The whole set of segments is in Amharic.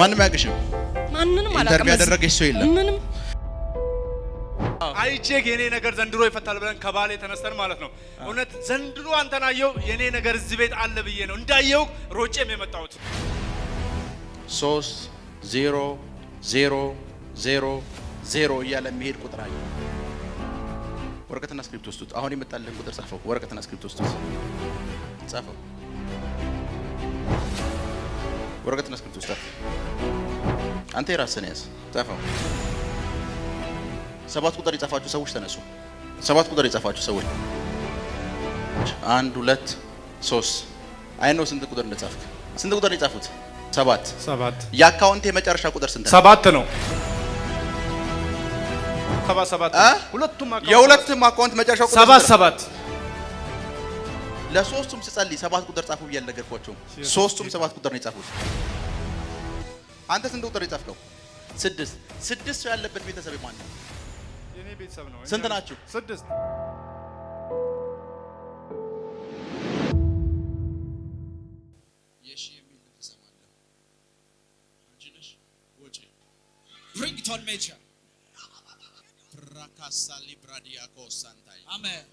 ማንም ያቅሽም ማንንም ኢንተርቪው ያደረገች ሰው የለም። ምንም አይቼ የኔ ነገር ዘንድሮ ይፈታል ብለን ከባሌ ተነስተን ማለት ነው። እውነት ዘንድሮ አንተን አየሁ የኔ ነገር እዚህ ቤት አለ ብዬ ነው እንዳየው ሮጬም የመጣሁት። ሶስት ዜሮ ዜሮ ዜሮ ዜሮ እያለ የሚሄድ ቁጥር አየ። ወረቀትና ስክሪፕት ወስዱት። አሁን የመጣልህን ቁጥር ጻፈው። ወረቀትና ስክሪፕት ወስዱት፣ ጻፈው ወረቀትና እስክሪብቶ ውስጥ አንተ የራስህን ያዝ፣ ጻፈው። ሰባት ቁጥር የጻፋችሁ ሰዎች ተነሱ። ሰባት ቁጥር የጻፋችሁ ሰዎች አንድ ሁለት ሶስት። አይ ነው ስንት ቁጥር እንደጻፍክ ስንት ቁጥር የጻፉት? ሰባት ሰባት። የአካውንት የመጨረሻ ቁጥር ስንት? ሰባት ነው። ሰባት ሰባት። ሁለቱም አካውንት የሁለቱም አካውንት መጨረሻ ቁጥር ሰባት ሰባት ለሶስቱም ስጸልይ ሰባት ቁጥር ጻፉ ብዬ አልነገርኳቸውም። ሶስቱም ሰባት ቁጥር ነው የጻፉት። አንተ ስንት ቁጥር የጻፍከው? ስድስት። ስድስት ሰው ያለበት ቤተሰብ ማን ነው? የኔ ቤተሰብ ነው። ስንት ናችሁ? ስድስት። ሪንግቶን ሜቻ ራካሳሊ ብራዲያኮ ሳንታይ አሜን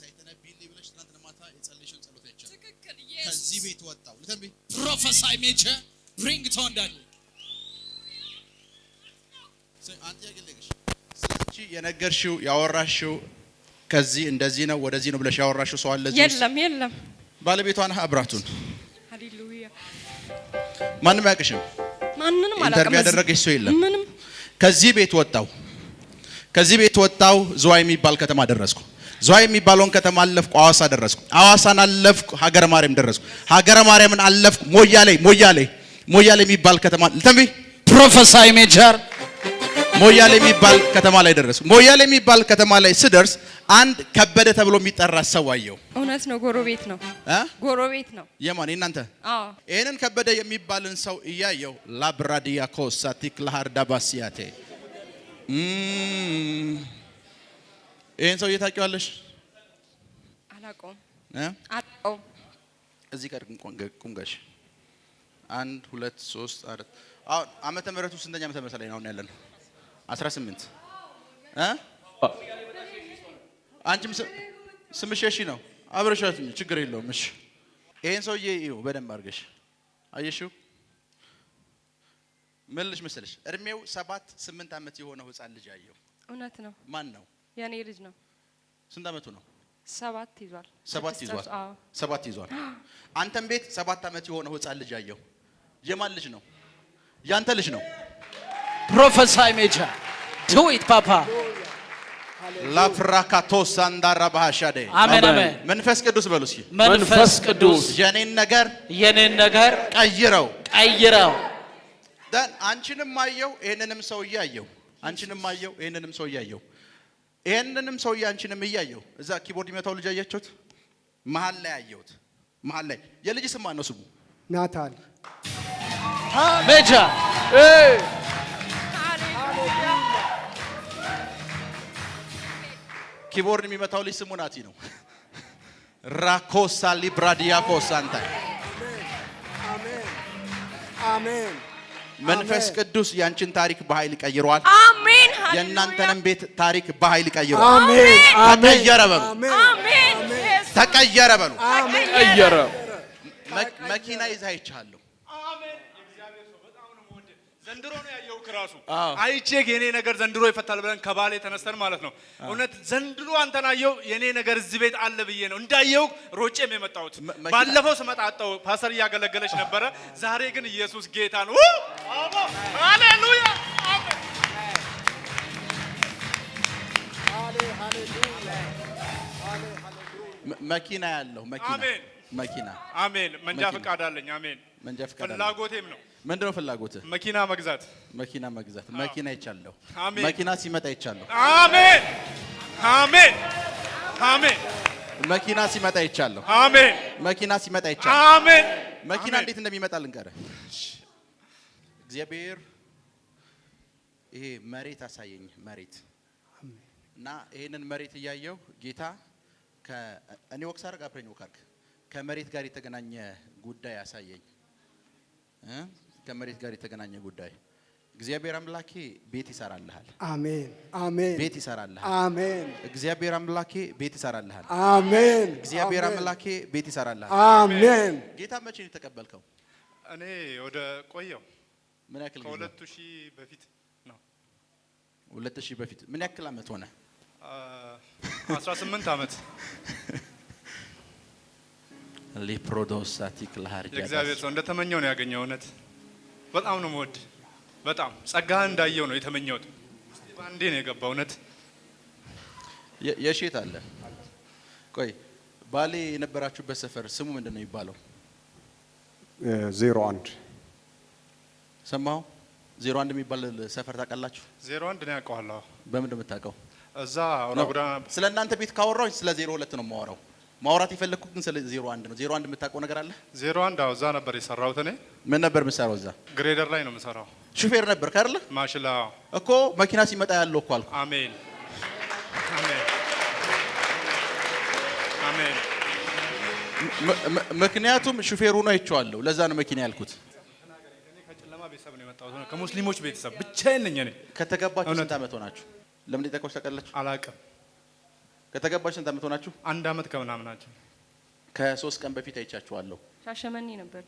ሳይተነብይልኝ ብለሽ ትናንት ማታ የጸለይሽን ጸሎት አይቻልም። ትክክል። ኢየሱስ ከዚህ ቤት ወጣው ለተንብይ ፕሮፌሳይ ሜቸ ብሪንግ ቶ እንዳለ አንተ ያገለግሽ ስለዚህ የነገርሽው ያወራሽው ከዚህ እንደዚህ ነው ወደዚህ ነው ብለሽ ያወራሽው ሰው አለ? የለም የለም። ባለቤቷን አብራቱን። ሃሌሉያ። ማንም አያውቅሽም። ማንንም አላውቅም። ኢንተርቪው ያደረገሽ ሰው የለም። ምንም ከዚህ ቤት ወጣው ከዚህ ቤት ወጣው ዝዋይ የሚባል ከተማ ደረስኩ። ዝዋይ የሚባለውን ከተማ አለፍኩ፣ አዋሳ ደረስኩ። አዋሳን አለፍኩ፣ ሀገረ ማርያም ደረስኩ። ሀገረ ማርያምን አለፍኩ፣ ሞያሌ ሞያሌ ሞያሌ የሚባል ከተማ ተንቢ ፕሮፌሳይ ሜጀር ሞያሌ የሚባል ከተማ ላይ ደረስኩ። ሞያሌ የሚባል ከተማ ላይ ስደርስ አንድ ከበደ ተብሎ የሚጠራ ሰው አየሁ። እውነት ነው፣ ጎረቤት ነው፣ ጎረቤት ነው የማን እናንተ። ይህንን ከበደ የሚባልን ሰው እያየሁ ላብራዲያኮ ሳቲክ ላሃርዳባሲያቴ ይሄን ሰውዬ ታውቂዋለሽ? አላውቀውም እ እዚህ ጋር ቁምጋሽ አንድ ሁለት ሶስት አራት አሁን ዓመተ ምህረቱ ስንተኛ ዓመተ ምህረት ላይ ነው ያለ ነው? 18 እ አንቺም ስምሽ እሺ ነው አብረሻት ችግር የለውም። እሺ ይሄን ሰውዬ ይኸው በደንብ አድርገሽ አየሽው። ምን ልሽ መሰለሽ እድሜው ሰባት ስምንት ዓመት የሆነው ህፃን ልጅ አየው። እውነት ነው። ማን ነው? የኔ ልጅ ነው። ስንት አመቱ ነው? ሰባት ይዟል። ሰባት ይዟል። ሰባት ይዟል። አንተም ቤት ሰባት አመት የሆነው ህፃን ልጅ አየሁ። የማን ልጅ ነው? ያንተ ልጅ ነው። ፕሮፌሳይ ሜጃ ዱ ኢት ፓፓ ላፍራካቶስ አንዳራ ባሻደ አሜን አሜን። መንፈስ ቅዱስ በሉ እስኪ መንፈስ ቅዱስ የኔን ነገር የኔን ነገር ቀይረው ቀይረው። አንቺንም አየሁ ይሄንንም ሰውዬ አየሁ። አንቺንም አየሁ ይሄንንም ሰውዬ አየሁ። ይሄንንም ሰውዬ አንቺንም እያየው እዛ ኪቦርድ የሚመታው ልጅ አያችሁት? መሀል ላይ አየሁት። መሀል ላይ የልጅ ስም ማነው? ስሙ ናታል ሜጃ። ኪቦርድ የሚመታው ልጅ ስሙ ናቲ ነው። ራኮሳ ሊብራዲያኮስ አሜን። መንፈስ ቅዱስ ያንቺን ታሪክ በኃይል ቀይሯል። አሜን የእናንተንም ቤት ታሪክ በኃይል ቀይሯል። አሜን። ተቀየረ በሉ። ተቀየረ በሉ። መኪና ይዛ ይቻለሁ ዘንድሮ ነው ያየሁት። እራሱ አይቼ የኔ ነገር ዘንድሮ ይፈታል ብለን ከባሌ ተነስተን ማለት ነው። እውነት ዘንድሮ አንተን አየሁ የኔ ነገር እዚህ ቤት አለ ብዬ ነው እንዳየሁ ሮጬም የመጣሁት። ባለፈው ስመጣ አጣሁ። ፓስተር እያገለገለች ነበረ። ዛሬ ግን ኢየሱስ ጌታ ነው። ሃሌሉያ መኪና ያለው መኪና አሜን። መንጃ ፈቃድ አለኝ። አሜን። መንጃ ፈቃድ ፍላጎቴም ነው። ምንድን ፍላጎትህ? መኪና መግዛት። መኪና መግዛት። መኪና ይቻለሁ። መኪና ሲመጣ ይቻለሁ። አሜን። አሜን። አሜን። መኪና ሲመጣ ይቻለሁ። አሜን። መኪና ሲመጣ ይቻለሁ። አሜን። መኪና እንዴት እንደሚመጣ ልንገርህ። እግዚአብሔር ይሄ መሬት አሳየኝ። መሬት እና ይህንን መሬት እያየው ጌታ እኔ ወቅስ አርግ አብረኝ ወካርክ ከመሬት ጋር የተገናኘ ጉዳይ አሳየኝ። ከመሬት ጋር የተገናኘ ጉዳይ እግዚአብሔር አምላኬ ቤት ይሰራልሃል። አሜን አሜን። ቤት ይሰራልሃል። አሜን። እግዚአብሔር አምላኬ ቤት ይሰራልሃል። አሜን። እግዚአብሔር አምላኬ ቤት ይሰራልሃል። አሜን። ጌታ መቼ ነው የተቀበልከው? እኔ ወደ ቆየው ምን ያክል ከሁለት ሺህ በፊት ነው። ሁለት ሺህ በፊት ምን ያክል አመት ሆነ? 18 uh, ዓመት ሌፕሮዶሳቲክ ለሃርጃ ለእግዚአብሔር ሰው እንደተመኘው ነው ያገኘው። እውነት በጣም ነው መወድ በጣም ጸጋህ እንዳየው ነው የተመኘሁት። ባንዴ ነው የገባው። እውነት የሼት አለ። ቆይ ባሌ የነበራችሁበት ሰፈር ስሙ ምንድን ነው የሚባለው? ዜሮ አንድ ሰማሁ። ዜሮ አንድ የሚባል ሰፈር ታውቃላችሁ? ዜሮ አንድ ነው ያውቀዋለሁ። በምንድን ነው የምታውቀው? እዛ አውራ ጎዳና ስለ እናንተ ቤት ካወራሁኝ ስለ ዜሮ ሁለት ነው የማወራው። ማውራት የፈለግኩት ግን ስለ ዜሮ አንድ ነው። ዜሮ አንድ የምታውቀው ነገር አለ? ዜሮ አንድ እዛ ነበር የሰራሁት እኔ። ምን ነበር የምሰራው? እዛ ግሬደር ላይ ነው የምሰራው። ሹፌር ነበር ካለ ማሽላ እኮ መኪና ሲመጣ ያለው እኮ አልኩ። አሜን አሜን። ምክንያቱም ሹፌሩ ነው አይቼዋለሁ። ለዛ ነው መኪና ያልኩት። ከሙስሊሞች ቤተሰብ ብቻዬን ነኝ እኔ። ከተገባችሁ ስንት ዓመት ሆናችሁ? ለምን እንደተቆሽ ታውቃላችሁ? አላውቅም። ከተገባች ስንት አመት ሆናችሁ? አንድ አመት ከምናምን ናቸው። ከሶስት ቀን በፊት አይቻችኋለሁ። ሻሸመኔ ነበር።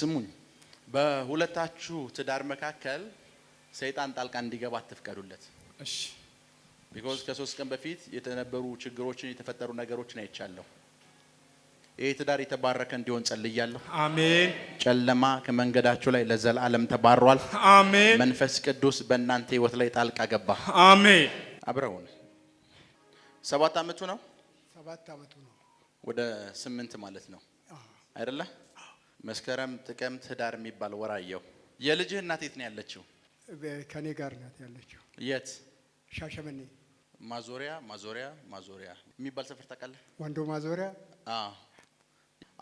ስሙኝ፣ በሁለታችሁ ትዳር መካከል ሰይጣን ጣልቃ እንዲገባ አትፍቀዱለት። እሺ። ቢኮዝ ከሶስት ቀን በፊት የተነበሩ ችግሮችን የተፈጠሩ ነገሮችን አይቻለሁ። ይህ ትዳር የተባረከ እንዲሆን ጸልያለሁ። አሜን። ጨለማ ከመንገዳችሁ ላይ ለዘላለም ተባሯል። አሜን። መንፈስ ቅዱስ በእናንተ ህይወት ላይ ጣልቃ ገባ። አሜን። አብረውን ሰባት አመቱ ነው፣ ሰባት አመቱ ነው፣ ወደ ስምንት ማለት ነው አይደለ? መስከረም፣ ጥቅምት፣ ህዳር የሚባል ወራየው። የልጅህ እናት የት ነው ያለችው? ከኔ ጋር ናት ያለችው። የት? ሻሸመኔ ማዞሪያ ማዞሪያ ማዞሪያ የሚባል ሰፈር ታውቃለህ? ወንዶ ማዞሪያ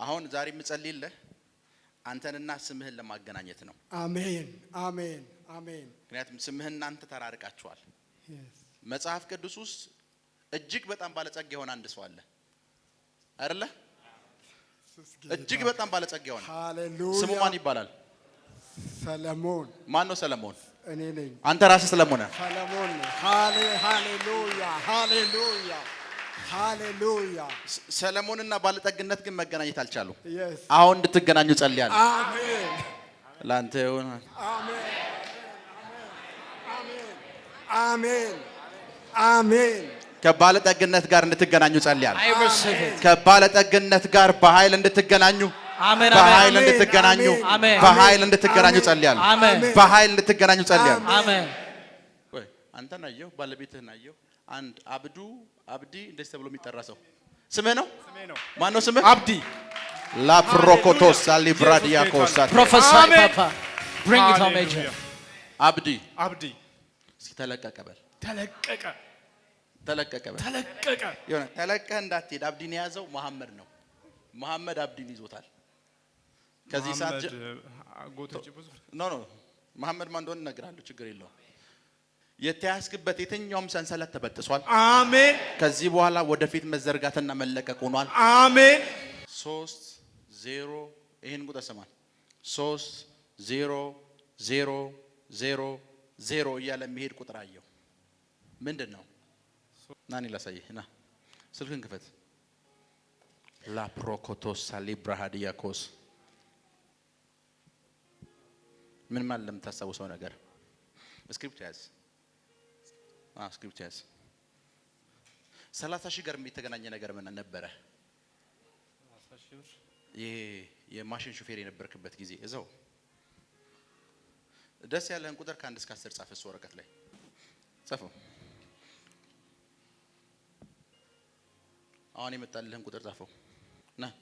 አሁን ዛሬ የምጸልይልህ አንተንና ስምህን ለማገናኘት ነው። አሜን፣ አሜን፣ አሜን። ምክንያቱም ስምህና አንተ ተራርቃችኋል። መጽሐፍ ቅዱስ ውስጥ እጅግ በጣም ባለጸጋ የሆነ አንድ ሰው አለ አይደለ? እጅግ በጣም ባለጸጋ የሆነ ስሙ ማን ይባላል? ሰለሞን። ማን ነው ሰለሞን? እኔ ነኝ። አንተ ራስህ ሰለሞን። ሰለሞን። ሃሌሉያ፣ ሃሌሉያ ሃሌሉያ። ሰለሞንና ባለጠግነት ግን መገናኘት አልቻሉ። አሁን እንድትገናኙ ጸልያለሁ። አሜን። ላንተ ይሁን። አሜን፣ አሜን። ከባለጠግነት ጋር እንድትገናኙ ጸልያለሁ። ከባለጠግነት ጋር በኃይል እንድትገናኙ በኃይል እንድትገናኙ በኃይል እንድትገናኙ ጸልያለሁ። በኃይል እንድትገናኙ ጸልያለሁ። አንተን አየሁ፣ ባለቤትህን አየሁ። አንድ አብዱ አብዲ እንደዚህ ተብሎ የሚጠራ ሰው ስምህ ነው። ማን ነው ስምህ? አብዲ ላፕሮኮቶሳ ሊብራዲያኮሳ ፕሮፌሰር ፓፓ ብሪንግ ኢት ሆም አብዲ አብዲ እስኪ ተለቀቀ በል ተለቀቀ ተለቀቀ በል ተለቀቀ የሆነ ተለቀህ እንዳትሄድ አብዲን የያዘው መሐመድ ነው። መሐመድ አብዲን ይዞታል። ከዚህ ሰዓት ኖ ኖ መሐመድ ማን እንደሆነ እነግርሃለሁ። ችግር የለውም። የተያዝክበት የትኛውም ሰንሰለት ተበጥሷል። አሜን። ከዚህ በኋላ ወደፊት መዘርጋትና መለቀቅ ሆኗል። አሜን። ሶስት ዜሮ ይህን ቁጥር ስማል። ሶስት ዜሮ ዜሮ ዜሮ ዜሮ እያለ የሚሄድ ቁጥር አየው። ምንድን ነው? ናኒ ላሳይህ ና ስልክን ክፈት። ላፕሮኮቶስ ሳሊብራሃዲያኮስ ምን ማለት ለምታስታውሰው ነገር ስክሪፕት ያዝ ስክሪፕቸርስ ah, ሰላሳ ሺህ ጋር የተገናኘ ነገር ምን ነበረ? ይሄ የማሽን ሹፌር የነበርክበት ጊዜ እዛው ደስ ያለህን ቁጥር ከአንድ እስከ አስር ጻፍ። እሱ ወረቀት ላይ ጻፈው። አሁን የመጣልህን ቁጥር ጻፈው ና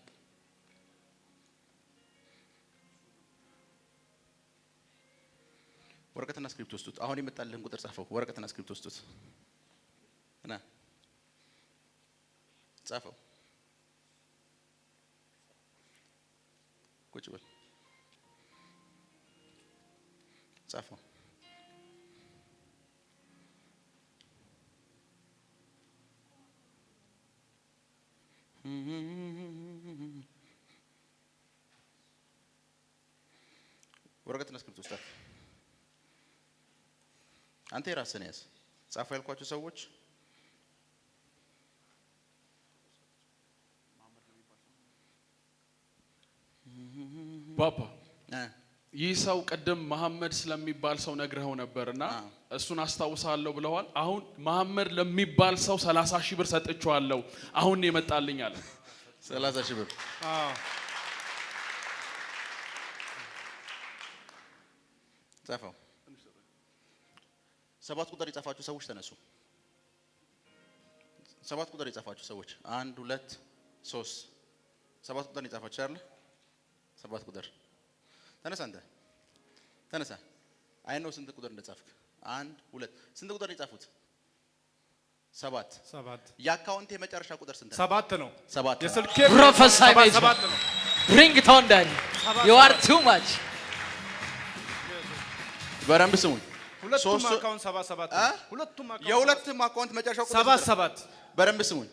ወረቀትና ስክሪፕት ውስጡት አሁን የመጣልህን ቁጥር ጻፈው። ወረቀትና ስክሪፕት ውስጡት እና ጻፈው። ቁጭ በል ጻፈው። ወረቀትና ስክሪፕት ወስጣት አንተ የራስን ያዝ። ጻፉ ያልኳቸው ሰዎች ባባ ይህ ሰው ቅድም መሐመድ ስለሚባል ሰው ነግረኸው ነበር እና እሱን አስታውሳለሁ ብለዋል። አሁን መሐመድ ለሚባል ሰው ሰላሳ ሺህ ብር ሰጥቼዋለሁ አሁን የመጣልኝ አለ። ሰላሳ ሺህ ብር ጻፈው። ሰባት ቁጥር የጻፋችሁ ሰዎች ተነሱ። ሰባት ቁጥር የጻፋችሁ ሰዎች አንድ ሁለት ሶስት ሰባት ቁጥር የጻፋችሁ አለ። ሰባት ቁጥር ተነሳ፣ አንተ ተነሳ። አይን ነው ስንት ቁጥር እንደጻፍክ? አንድ ሁለት ስንት ቁጥር የጻፉት? ሰባት ሰባት። የአካውንት የመጨረሻ ቁጥር ስንት? ነው? ሰባት ነው። ሰባት የስልኬ ፕሮፌሳይ ቤት ሰባት ነው። ብሪንግ ቶን ዳድ ዩ አር ቱ ማች። በደንብ ስሙኝ። ሁለቱም አካውንት ሰባ ሰባት የሁለቱም አካውንት መጨረሻው ሰባ ሰባት በደንብ ስሙኝ።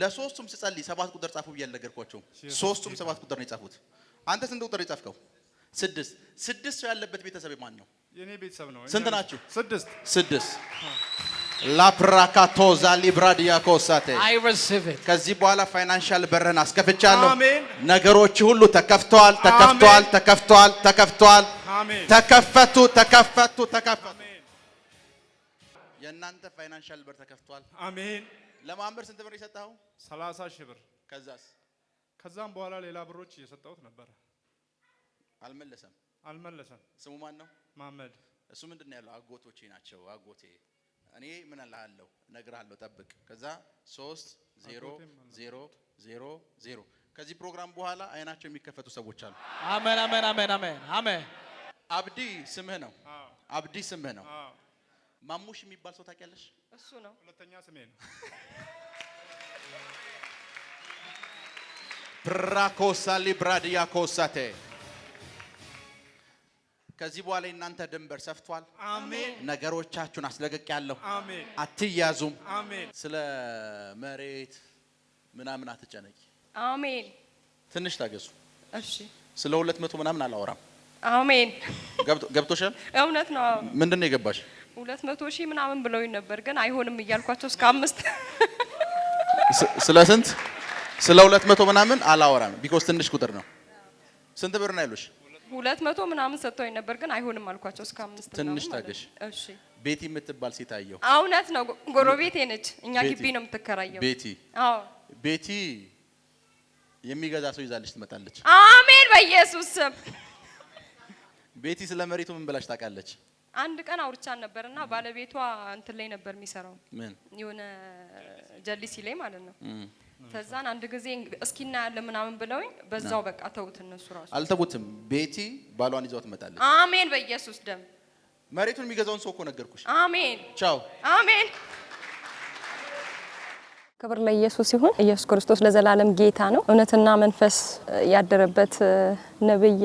ለሶስቱም ስጸልይ ሰባት ቁጥር ጻፉ ብዬ አልነገርኳቸውም። ሶስቱም ሰባት ቁጥር ነው የጻፉት። አንተ ስንት ቁጥር የጻፍከው? ስድስት ስድስት ሰው ያለበት ቤተሰብ ማን ነው? የኔ ቤተሰብ ነው። ስንት ናችሁ? ስድስት ስድስት ላፕራካቶ ዛሊብራዲያ ኮሳቴ ከዚህ በኋላ ፋይናንሻል በርህን አስከፍቻለሁ። ነገሮች ሁሉ ተከፍተዋል፣ ተከፍተዋል፣ ተከፍተዋል፣ ተከፍተዋል። ተከፈቱ፣ ተከፈቱ፣ ተከፈቱ። የእናንተ ፋይናንሻል ብር ተከፍቷል። አሜን። ለማንበር ስንት ብር የሰጠኸው? ሰላሳ ሺህ ብር። ከዛስ? ከዛም በኋላ ሌላ ብሮች እየሰጠሁት ነበረ። አልመለሰም፣ አልመለሰም። ስሙ ማን ነው? መሀመድ። እሱ ምንድን ነው ያለው? አጎቶቼ ናቸው። አጎቴ እኔ ምን እልሃለሁ፣ እነግርሃለሁ፣ ጠብቅ። ከዛ ሶስት ዜሮ ዜሮ ዜሮ ዜሮ ከዚህ ፕሮግራም በኋላ አይናቸው የሚከፈቱ ሰዎች አሉ። አሜን፣ አሜን፣ አሜን፣ አሜን፣ አሜን። አብዲ ስምህ ነው። አብዲ ስምህ ነው። ማሙሽ የሚባል ሰው ታውቂያለሽ? እሱ ነው ሁለተኛ ስሜ ነው። ብራኮሳ ሊብራድያ ኮሳቴ ከዚህ በኋላ እናንተ ድንበር ሰፍቷል። አሜን። ነገሮቻችሁን አስለቀቅ ያለሁ አሜን። አትያዙም። አሜን። ስለ መሬት ምናምን አትጨነቂ። አሜን። ትንሽ ታገሱ። እሺ። ስለ ሁለት መቶ ምናምን አላወራም። አሜን። ገብቶሻል? እውነት ነው። ምንድን ነው የገባሽ? ሁለት መቶ ሺህ ምናምን ብለውኝ ነበር፣ ግን አይሆንም እያልኳቸው እስከ አምስት ስለ ስንት ስለ ሁለት መቶ ምናምን አላወራም፣ ቢኮስ ትንሽ ቁጥር ነው። ስንት ብር ነው ያሉሽ? ሁለት መቶ ምናምን ሰጥተውኝ ነበር፣ ግን አይሆንም አልኳቸው እስከ አምስት። ትንሽ ታገሽ። እሺ። ቤቲ የምትባል ሴት አየሁ። እውነት ነው፣ ጎረቤቴ ነች። እኛ ግቢ ነው የምትከራየው። ቤቲ። አዎ፣ ቤቲ የሚገዛ ሰው ይዛለች ትመጣለች። አሜን በኢየሱስ ስም ቤቲ ስለ መሬቱ ምን ብላሽ ታውቃለች? አንድ ቀን አውርቻን ነበር እና ባለቤቷ እንትን ላይ ነበር የሚሰራው ምን የሆነ ጀሊሲ ላይ ማለት ነው። ከዛን አንድ ጊዜ እስኪ እናያለን ምናምን ብለውኝ በዛው በቃ ተውት። እነሱ ራሱ አልተውትም። ቤቲ ባሏን ይዛው ትመጣለች። አሜን፣ በኢየሱስ ደም። መሬቱን የሚገዛውን ሰው እኮ ነገርኩሽ። አሜን፣ ቻው፣ አሜን። ክብር ለኢየሱስ ይሁን። ኢየሱስ ክርስቶስ ለዘላለም ጌታ ነው። እውነትና መንፈስ ያደረበት ነብይ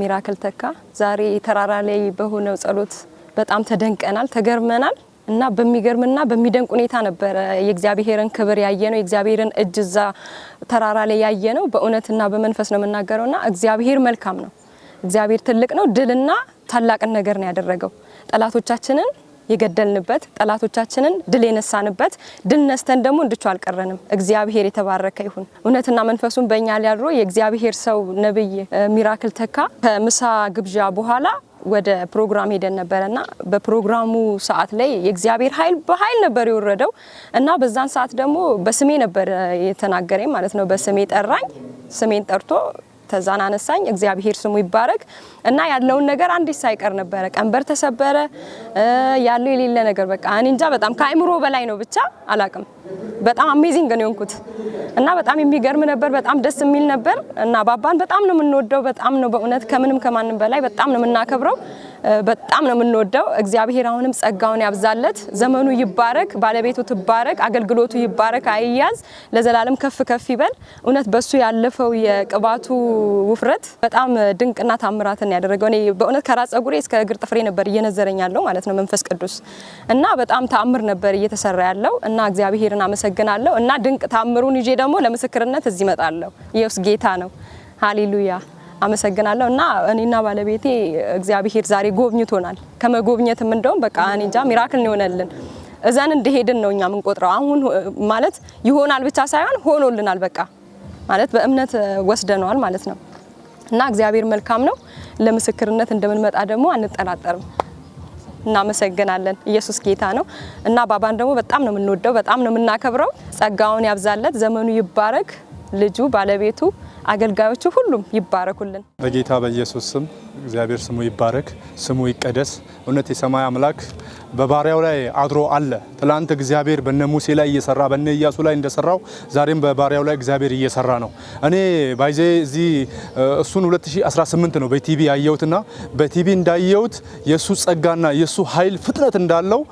ሚራክል ተካ ዛሬ ተራራ ላይ በሆነው ጸሎት በጣም ተደንቀናል፣ ተገርመናል እና በሚገርምና በሚደንቅ ሁኔታ ነበረ የእግዚአብሔርን ክብር ያየነው፣ የእግዚአብሔርን እጅ እዛ ተራራ ላይ ያየ ነው በእውነትና በመንፈስ ነው የምናገረው ና እግዚአብሔር መልካም ነው። እግዚአብሔር ትልቅ ነው። ድልና ታላቅን ነገር ነው ያደረገው ጠላቶቻችንን የገደልንበት ጠላቶቻችንን ድል የነሳንበት ድል ነስተን ደግሞ እንድቹ አልቀረንም። እግዚአብሔር የተባረከ ይሁን። እውነትና መንፈሱን በእኛ ላይ አድሮ የእግዚአብሔር ሰው ነብይ ሚራክል ተካ ከምሳ ግብዣ በኋላ ወደ ፕሮግራም ሄደን ነበረና በፕሮግራሙ ሰዓት ላይ የእግዚአብሔር ኃይል በኃይል ነበር የወረደው እና በዛን ሰዓት ደግሞ በስሜ ነበር የተናገረኝ ማለት ነው። በስሜ ጠራኝ። ስሜን ጠርቶ ከዛን አነሳኝ። እግዚአብሔር ስሙ ይባረክ እና ያለውን ነገር አንዲት ሳይቀር ነበረ። ቀንበር ተሰበረ፣ ያለው የሌለ ነገር በቃ እኔ እንጃ፣ በጣም ከአእምሮ በላይ ነው። ብቻ አላቅም። በጣም አሜዚንግ ነው የሆንኩት እና በጣም የሚገርም ነበር። በጣም ደስ የሚል ነበር እና ባባን በጣም ነው የምንወደው። በጣም ነው በእውነት ከምንም ከማንም በላይ በጣም ነው የምናከብረው። በጣም ነው የምንወደው። እግዚአብሔር አሁንም ጸጋውን ያብዛለት፣ ዘመኑ ይባረክ፣ ባለቤቱ ትባረክ፣ አገልግሎቱ ይባረክ፣ አይያዝ፣ ለዘላለም ከፍ ከፍ ይበል። እውነት በሱ ያለፈው የቅባቱ ውፍረት በጣም ድንቅና ታምራትን ያደረገው እኔ በእውነት ከራስ ጸጉሬ እስከ እግር ጥፍሬ ነበር እየነዘረኝ ያለው ማለት ነው መንፈስ ቅዱስ እና በጣም ታምር ነበር እየተሰራ ያለው እና እግዚአብሔርን አመሰግናለሁ እና ድንቅ ታምሩን ይዤ ደግሞ ለምስክርነት እዚህ እመጣለሁ። ኢየሱስ ጌታ ነው። ሃሌሉያ አመሰግናለሁ እና እኔና ባለቤቴ እግዚአብሔር ዛሬ ጎብኝቶናል። ከመጎብኘትም እንደውም በቃ እኔ እንጃ ሚራክል ይሆነልን እዘን እንደሄድን ነው እኛ የምንቆጥረው። አሁን ማለት ይሆናል ብቻ ሳይሆን ሆኖልናል። በቃ ማለት በእምነት ወስደነዋል ማለት ነው እና እግዚአብሔር መልካም ነው። ለምስክርነት እንደምንመጣ ደግሞ አንጠራጠርም። እናመሰግናለን። ኢየሱስ ጌታ ነው እና ባባን ደግሞ በጣም ነው የምንወደው፣ በጣም ነው የምናከብረው። ጸጋውን ያብዛለት፣ ዘመኑ ይባረክ። ልጁ ባለቤቱ አገልጋዮቹ ሁሉም ይባረኩልን። በጌታ በኢየሱስ ስም እግዚአብሔር ስሙ ይባረክ፣ ስሙ ይቀደስ። እውነት የሰማይ አምላክ በባሪያው ላይ አድሮ አለ። ትላንት እግዚአብሔር በነ ሙሴ ላይ እየሰራ በነ ኢያሱ ላይ እንደሰራው ዛሬም በባሪያው ላይ እግዚአብሔር እየሰራ ነው። እኔ ባይዜ እዚህ እሱን 2018 ነው በቲቪ ያየሁትና በቲቪ እንዳየሁት የእሱ ጸጋና የእሱ ኃይል ፍጥነት እንዳለው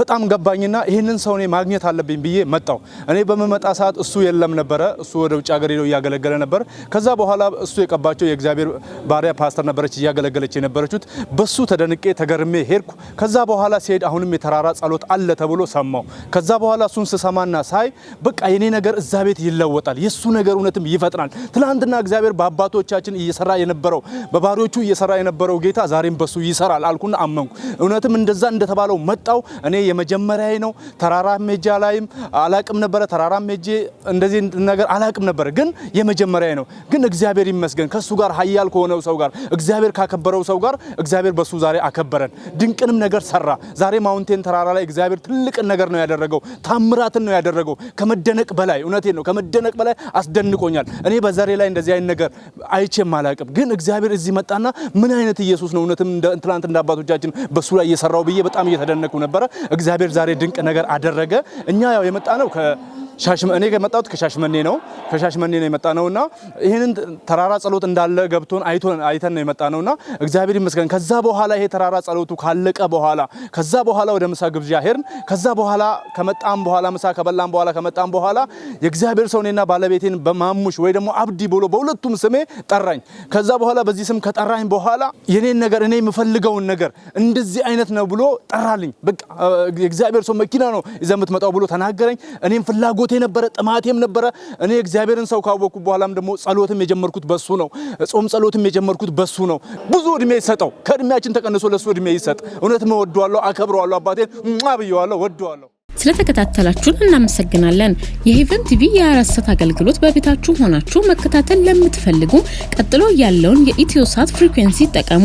በጣም ገባኝና ይህንን ሰው እኔ ማግኘት አለብኝ ብዬ መጣው። እኔ በመመጣ ሰዓት እሱ የለም ነበረ። እሱ ወደ ውጭ ሀገር ሄደው እያገለ እያገለገለ ነበር። ከዛ በኋላ እሱ የቀባቸው የእግዚአብሔር ባሪያ ፓስተር ነበረች እያገለገለች የነበረችት። በሱ ተደንቄ ተገርሜ ሄድኩ። ከዛ በኋላ ሲሄድ አሁንም የተራራ ጸሎት አለ ተብሎ ሰማው። ከዛ በኋላ እሱን ስሰማና ሳይ በቃ የኔ ነገር እዛ ቤት ይለወጣል፣ የእሱ ነገር እውነትም ይፈጥናል። ትናንትና እግዚአብሔር በአባቶቻችን እየሰራ የነበረው በባሪዎቹ እየሰራ የነበረው ጌታ ዛሬም በሱ ይሰራል አልኩና አመንኩ። እውነትም እንደዛ እንደተባለው መጣው። እኔ የመጀመሪያ ነው። ተራራ ሜጃ ላይም አላቅም ነበረ። ተራራ ሜጄ እንደዚህ ነገር አላቅም ነበረ ግን የመጀመሪያ ነው። ግን እግዚአብሔር ይመስገን ከሱ ጋር ኃያል ከሆነው ሰው ጋር እግዚአብሔር ካከበረው ሰው ጋር እግዚአብሔር በሱ ዛሬ አከበረን፣ ድንቅንም ነገር ሰራ። ዛሬ ማውንቴን ተራራ ላይ እግዚአብሔር ትልቅን ነገር ነው ያደረገው፣ ታምራትን ነው ያደረገው። ከመደነቅ በላይ እውነቴ ነው፣ ከመደነቅ በላይ አስደንቆኛል። እኔ በዛሬ ላይ እንደዚህ አይነት ነገር አይቼም አላቅም። ግን እግዚአብሔር እዚህ መጣና ምን አይነት ኢየሱስ ነው እውነትም ትናንት እንደ አባቶቻችን በሱ ላይ እየሰራው ብዬ በጣም እየተደነኩ ነበረ። እግዚአብሔር ዛሬ ድንቅ ነገር አደረገ። እኛ ያው የመጣ ነው እኔ የመጣሁት ከሻሽመኔ ነው። ከሻሽመኔ ነው የመጣ ነውና ይህንን ተራራ ጸሎት እንዳለ ገብቶን አይተን ነው የመጣ ነውና እግዚአብሔር ይመስገን። ከዛ በኋላ ይሄ ተራራ ጸሎቱ ካለቀ በኋላ ከዛ በኋላ ወደ ምሳ ግብዣ ሄድን። ከዛ በኋላ ከመጣም በኋላ ምሳ ከበላም በኋላ ከመጣም በኋላ የእግዚአብሔር ሰው እኔና ባለቤቴን በማሙሽ ወይ ደግሞ አብዲ ብሎ በሁለቱም ስሜ ጠራኝ። ከዛ በኋላ በዚህ ስም ከጠራኝ በኋላ የኔን ነገር እኔ የምፈልገውን ነገር እንደዚህ አይነት ነው ብሎ ጠራልኝ። በቃ የእግዚአብሔር ሰው መኪና ነው ይዘህ የምትመጣው ብሎ ተናገረኝ። እኔም ፍላጎት ምኞቴ ነበረ፣ ጥማቴም ነበረ። እኔ እግዚአብሔርን ሰው ካወቅኩ በኋላም ደግሞ ጸሎትም የጀመርኩት በሱ ነው። ጾም ጸሎትም የጀመርኩት በሱ ነው። ብዙ እድሜ ይሰጠው፣ ከእድሜያችን ተቀንሶ ለሱ እድሜ ይሰጥ። እውነትም ወደዋለሁ፣ አከብረዋለሁ፣ አባቴን ብየዋለሁ፣ ወደዋለሁ። ስለተከታተላችሁን እናመሰግናለን። የሄቨን ቲቪ የአራሰት አገልግሎት በቤታችሁ ሆናችሁ መከታተል ለምትፈልጉ ቀጥሎ ያለውን የኢትዮሳት ፍሪኩዌንሲ ይጠቀሙ።